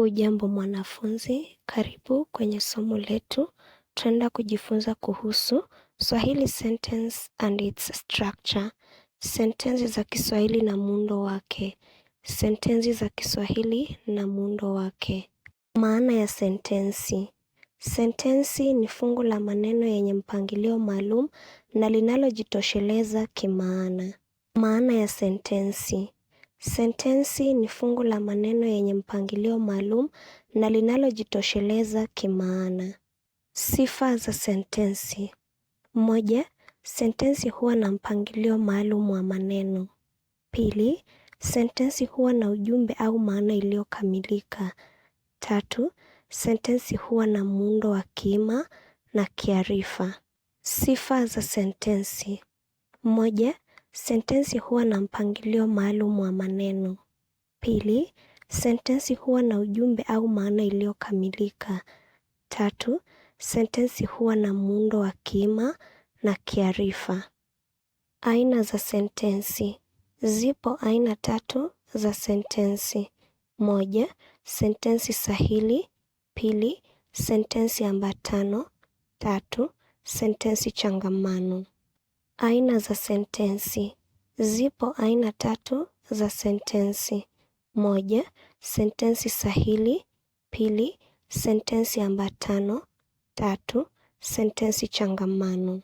Hujambo mwanafunzi, karibu kwenye somo letu. tunaenda kujifunza kuhusu Swahili sentence and its structure, sentensi za Kiswahili na muundo wake, sentensi za Kiswahili na muundo wake. Maana ya sentensi. Sentensi ni fungu la maneno yenye mpangilio maalum na linalojitosheleza kimaana. Maana ya sentensi. Sentensi ni fungu la maneno yenye mpangilio maalum na linalojitosheleza kimaana. Sifa za sentensi: moja, sentensi huwa na mpangilio maalum wa maneno. Pili, sentensi huwa na ujumbe au maana iliyokamilika. Tatu, sentensi huwa na muundo wa kiima na kiarifa. Sifa za sentensi: moja, Sentensi huwa na mpangilio maalum wa maneno. Pili, sentensi huwa na ujumbe au maana iliyokamilika. Tatu, sentensi huwa na muundo wa kiima na kiarifa. Aina za sentensi. Zipo aina tatu za sentensi. Moja, sentensi sahili. Pili, sentensi ambatano. Tatu, sentensi changamano. Aina za sentensi. Zipo aina tatu za sentensi: moja, sentensi sahili; pili, sentensi ambatano; tatu, sentensi changamano.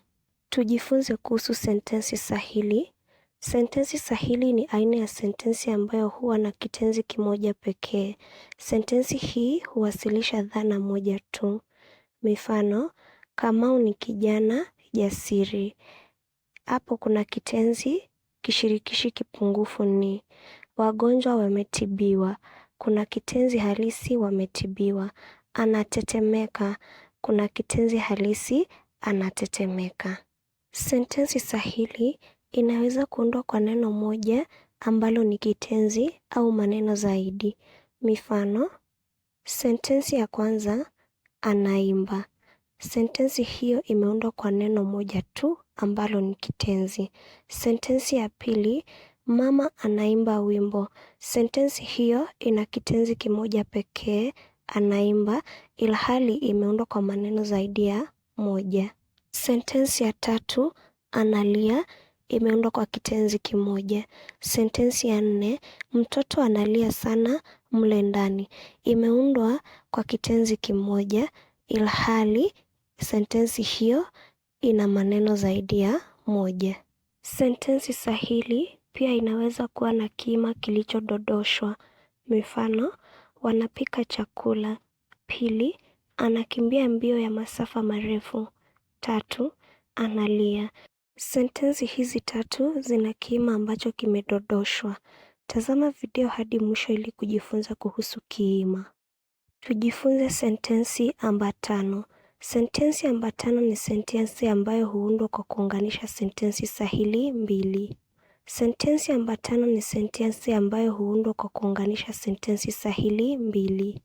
Tujifunze kuhusu sentensi sahili. Sentensi sahili ni aina ya sentensi ambayo huwa na kitenzi kimoja pekee. Sentensi hii huwasilisha dhana moja tu. Mifano: Kamau ni kijana jasiri. Hapo kuna kitenzi kishirikishi kipungufu ni wagonjwa wametibiwa. Kuna kitenzi halisi wametibiwa. Anatetemeka. Kuna kitenzi halisi anatetemeka. Sentensi sahili inaweza kuundwa kwa neno moja ambalo ni kitenzi au maneno zaidi. Mifano, sentensi ya kwanza, anaimba. Sentensi hiyo imeundwa kwa neno moja tu ambalo ni kitenzi. Sentensi ya pili, mama anaimba wimbo. Sentensi hiyo ina kitenzi kimoja pekee, anaimba, ilhali imeundwa kwa maneno zaidi ya moja. Sentensi ya tatu, analia, imeundwa kwa kitenzi kimoja. Sentensi ya nne, mtoto analia sana mle ndani, imeundwa kwa kitenzi kimoja ilhali Sentensi hiyo ina maneno zaidi ya moja. Sentensi sahili pia inaweza kuwa na kima kilichododoshwa Mifano, wanapika chakula. Pili, anakimbia mbio ya masafa marefu. Tatu, analia. Sentensi hizi tatu zina kima ambacho kimedodoshwa Tazama video hadi mwisho ili kujifunza kuhusu kiima. Tujifunze sentensi ambatano. Sentensi ambatano ni sentensi ambayo huundwa kwa kuunganisha sentensi sahili mbili. Sentensi ambatano ni sentensi ambayo huundwa kwa kuunganisha sentensi sahili mbili.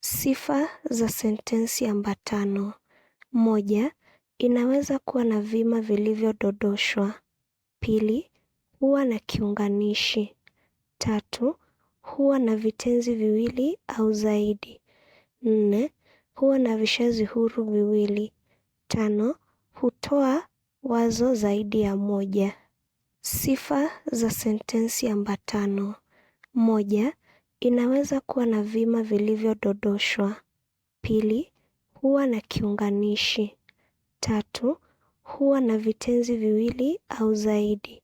Sifa za sentensi ambatano: moja, inaweza kuwa na vima vilivyododoshwa. Pili, huwa na kiunganishi. Tatu, huwa na vitenzi viwili au zaidi. Nne, huwa na vishazi huru viwili. Tano, hutoa wazo zaidi ya moja. Sifa za sentensi ambatano. Moja, inaweza kuwa na vima vilivyodondoshwa. Pili, huwa na kiunganishi. Tatu, huwa na vitenzi viwili au zaidi.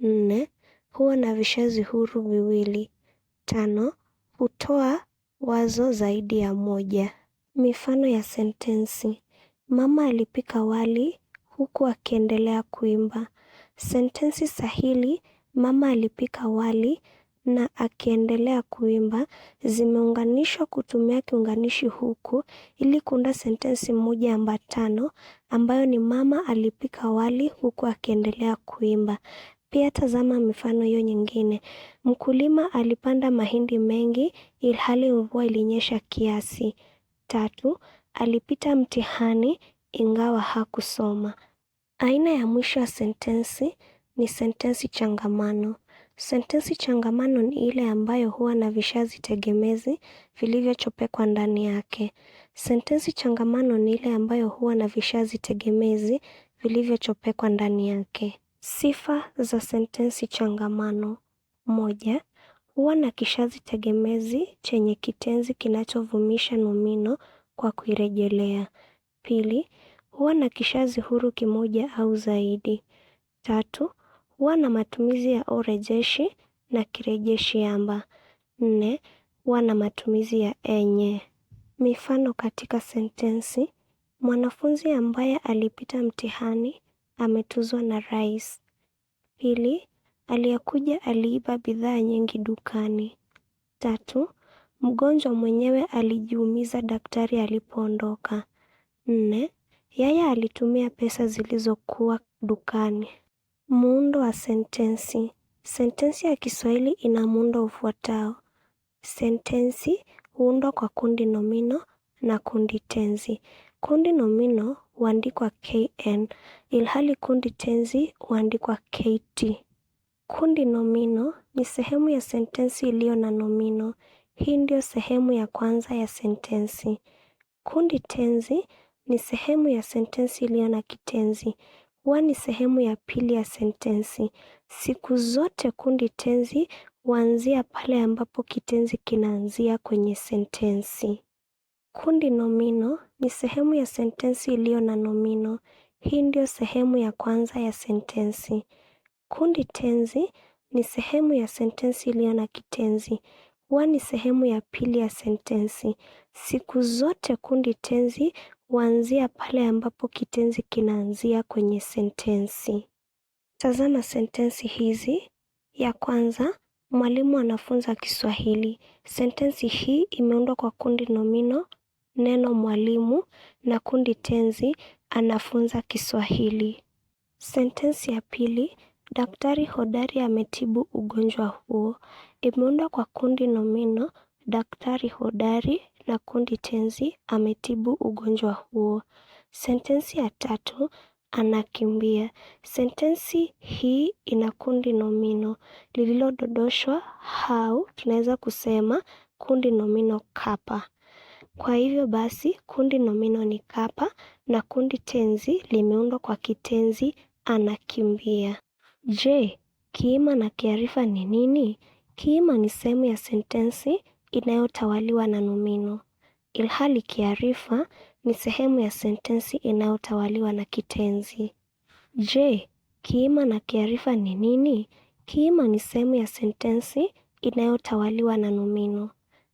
Nne, huwa na vishazi huru viwili. Tano, hutoa wazo zaidi ya moja. Mifano ya sentensi. Mama alipika wali huku akiendelea kuimba. Sentensi sahili mama alipika wali na akiendelea kuimba zimeunganishwa kutumia kiunganishi huku ili kuunda sentensi moja ambatano ambayo ni mama alipika wali huku akiendelea kuimba. Pia tazama mifano hiyo nyingine. Mkulima alipanda mahindi mengi ilhali mvua ilinyesha kiasi tatu, alipita mtihani ingawa hakusoma. Aina ya mwisho ya sentensi ni sentensi changamano. Sentensi changamano ni ile ambayo huwa na vishazi tegemezi vilivyochopekwa ndani yake. Sentensi changamano ni ile ambayo huwa na vishazi tegemezi vilivyochopekwa ndani yake. Sifa za sentensi changamano: moja, Huwa na kishazi tegemezi chenye kitenzi kinachovumisha nomino kwa kuirejelea. Pili, huwa na kishazi huru kimoja au zaidi. Tatu, huwa na matumizi ya orejeshi na kirejeshi amba. Nne, huwa na matumizi ya enye. Mifano katika sentensi, mwanafunzi ambaye alipita mtihani, ametuzwa na rais. Pili, Aliyekuja aliiba bidhaa nyingi dukani. Tatu, mgonjwa mwenyewe alijiumiza daktari alipoondoka. Nne, yeye alitumia pesa zilizokuwa dukani. Muundo wa sentensi. Sentensi ya Kiswahili ina muundo ufuatao. Sentensi huundwa kwa kundi nomino na kundi tenzi. Kundi nomino huandikwa KN ilhali kundi tenzi huandikwa KT. Kundi nomino ni sehemu ya sentensi iliyo na nomino. Hii ndio sehemu ya kwanza ya sentensi. Kundi tenzi ni sehemu ya sentensi iliyo na kitenzi. Huwa ni sehemu ya pili ya sentensi. Siku zote kundi tenzi huanzia pale ambapo kitenzi kinaanzia kwenye sentensi. Kundi nomino ni sehemu ya sentensi iliyo na nomino. Hii ndio sehemu ya kwanza ya sentensi. Kundi tenzi ni sehemu ya sentensi iliyo na kitenzi. Huwa ni sehemu ya pili ya sentensi. Siku zote kundi tenzi huanzia pale ambapo kitenzi kinaanzia kwenye sentensi. Tazama sentensi hizi. Ya kwanza, mwalimu anafunza Kiswahili. Sentensi hii imeundwa kwa kundi nomino, neno mwalimu na kundi tenzi anafunza Kiswahili. Sentensi ya pili, Daktari hodari ametibu ugonjwa huo. Imeundwa kwa kundi nomino daktari hodari na kundi tenzi ametibu ugonjwa huo. Sentensi ya tatu anakimbia. Sentensi hii ina kundi nomino lililodondoshwa au tunaweza kusema kundi nomino kapa. Kwa hivyo basi kundi nomino ni kapa na kundi tenzi limeundwa kwa kitenzi anakimbia. Je, kiima na kiarifa ni nini? Kiima ni sehemu ya sentensi inayotawaliwa na nomino. Ilhali kiarifa ni sehemu ya sentensi inayotawaliwa na kitenzi. Je, kiima na kiarifa ni nini? Kiima ni sehemu ya sentensi inayotawaliwa na nomino.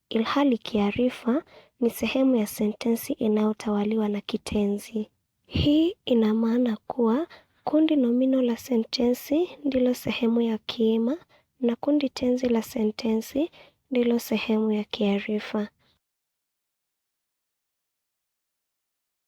Ilhali kiarifa ni sehemu ya sentensi inayotawaliwa na kitenzi. Hii ina maana kuwa Kundi nomino la sentensi ndilo sehemu ya kiima na kundi tenzi la sentensi ndilo sehemu ya kiarifa.